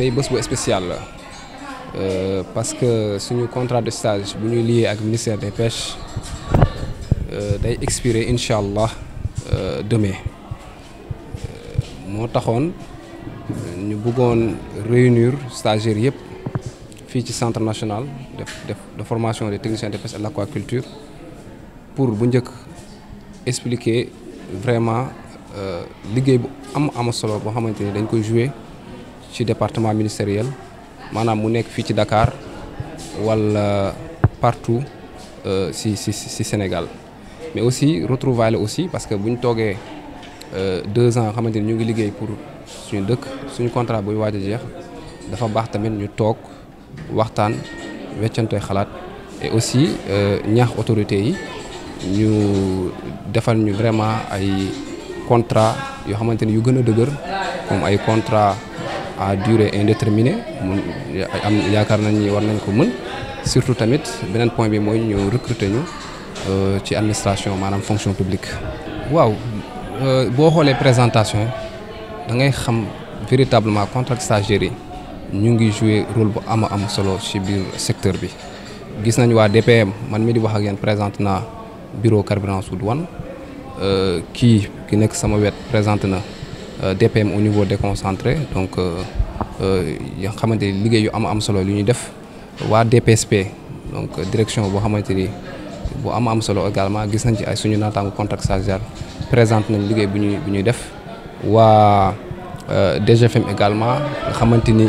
tey bés bu spécial la euh, parce que suñu contrat de stage bu ñuy lié ak ministère des pêches euh, day expirer incha allah euh, demain moo taxoon ñu bëggoon réunir stagiaires yëpp fii ci centre national de de formation des techniciens de pêche et de l'aquaculture pour bu njëkk expliquer vraiment liggéey bu am ama solo boo xamante ni dañ koy jouer ci département ministériel maanaam mu nekk fii ci dakaar wala partout euh, si si si Sénégal mais aussi retrouvailles aussi parce que bu ñu toogee euh, deux ans xamante ni ñu ngi liggéey pour suñu dëkk suñu contrat buy waaj a jeex dafa baax tamit ñu toog waxtaan weccantooy xalaat et aussi euh, ñaax autorité yi ñu defal ñu vraiment ay contrat yoo xamante ni yu gën a dëgër comme ay contrat à durée indéterminée mun am yaakaar nañ ni war nañ ko mën surtout tamit beneen point bi mooy ñu recruter ñu euh, ci administration maanaam fonction publique. waaw euh, boo xoolee présentation da ngay xam véritablement contrat stagiaire yi ñu ngi jouer rôle bu am am solo ci biir secteur bi gis nañu waa DPM man mi di wax ak yéen présente na bureau carburant sous douane euh, kii ki nekk sama wet présente na. Euh, DPM au niveau déconcentré donc euh, euh, yoo xamante ni liggéey yu am am solo lu ñuy def waa DPSP donc direction boo xamante ni bu am am solo également gis nañ ci ay suñu naataango contact stagiaire présente nañ liggéey bu ñuy bu ñuy def waa DGFM également nga xamante ni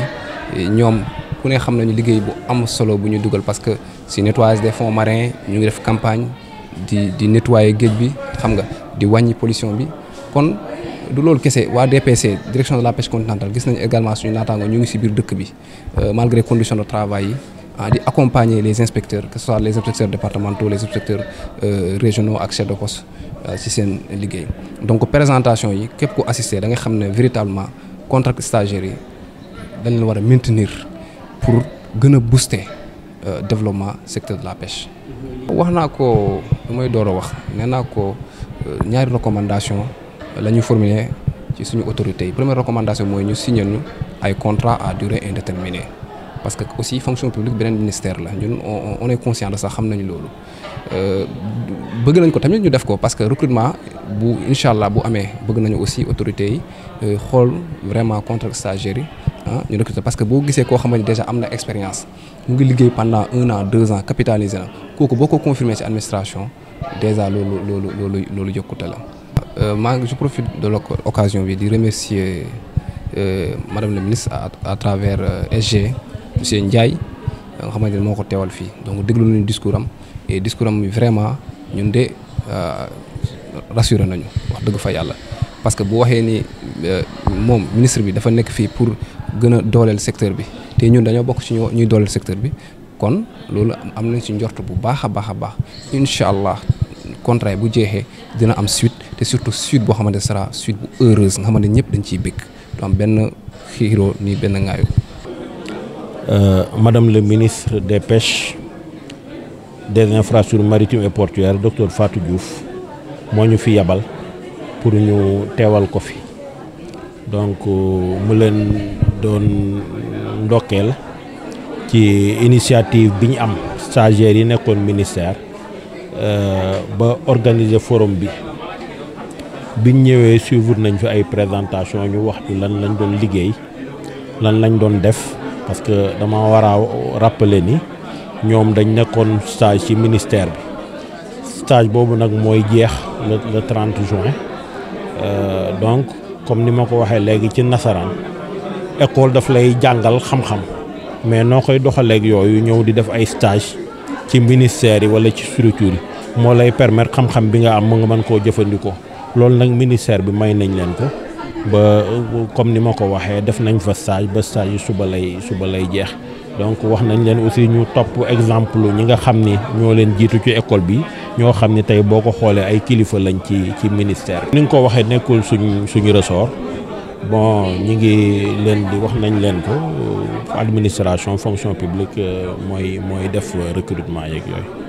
ñoom ku ne xam nañu liggéey bu am solo bu ñu dugal parce que si nettoyage des fonds marins ñu ngi def campagne di di nettoyer géej bi xam nga di wàññi polition bi kon. du loolu kese waa DPC direction de la pêche continentale gis nañu également suñu naataango ñu ngi si biir dëkk bi euh, malgré conditions de travail yi ah, di accompagner les inspecteurs que ce soit les inspecteurs départementaux les inspecteurs euh, régionaux ak de poste si euh, seen liggéey donc présentation yi képp ko assister da xam ne véritablement contrat stagiaires yi dañ leen war a maintenir pour gën a buuste développement secteur de la pêche. Mm-hmm. wax naa ko lu door a wax nee naa ko ñaari recommandation la ñu formuler ci suñu autorités yi première recommandation mooy ñu signer ñu ay contrat à durée indéterminée parce que aussi fonction publique beneen ministère la ñun on est conscient de ça xam nañu loolu euh, bëgg nañ ko tamit ñu def ko parce que recrutement bu incha allah bu amee bëgg nañu aussi autorités yi euh, xool vraiment contre stagiaires yi ah ñu recruter parce que boo gisee koo xamante déjà am na expérience mu ngi liggéey pendant un an deux ans capitalisé kooku boo ko confirmer ci administration déjà loolu loolu loolu loolu la. Euh, maa ngi je profite de l'occasion bi di remercier euh, madame na ministre à travers euh, SG monsieur Ndiaye nga xamante ne moo ko teewal fii donc déglu nañu discours am et discours am vraiment ñun de rassuré nañu wax dëgg fa yàlla parce que boo waxee ni moom ministre bi dafa nekk fii pour gën a dooleel secteur bi te ñun dañoo bokk ci ñuy dooleel secteur bi kon loolu am nañ ci njort bu baax a baax a baax incha allah. contrat bu jeexee dina am suite te surtout suite boo xamante ne sera suite bu heureuse nga xamante ñëpp dañ ciy bëgg du benn xiiroo ni benn ŋaayu. Euh, madame le ministre des pêches des infrastructures maritimes et portuaires docteur Fatou Diouf moo ñu fi yabal pour ñu teewal ko fi donc euh, mu leen doon ndokkeel ci initiative bi ñu am stagiaires yi nekkoon ministère. Euh, ba organiser forum bi biñ ñëwee suivre nañ fi ay présentation ñu wax ci lan lañ doon liggéey lan lañ doon def parce que dama war a rappeler ni ñoom dañ nekkoon stage ci ministère bi stage boobu nag mooy jeex le le 30 juin euh, donc comme ni ma ko waxee léegi ci nasaraan école daf lay jàngal xam-xam mais noo koy doxaleeg yooyu ñëw di def ay stage ci ministère yi wala ci structure yi moo lay permettre xam-xam bi nga am mu nga mën koo jëfandikoo loolu nag ministère bi may nañ leen ko ba comme ni ma ko waxee def nañ fa stage ba stage yi suba lay suba lay jeex donc wax nañ leen aussi ñu topp exemple ñi nga xam ni ñoo leen jiitu ci école bi ñoo xam ni tey boo ko xoolee ay kilifa lañ ci ci ministère ni nga ko waxee nekkul suñ suñu ressort bon ñi ngi leen di wax nañ leen ko administration fonction publique euh, mooy mooy def euh, recrutement yeeg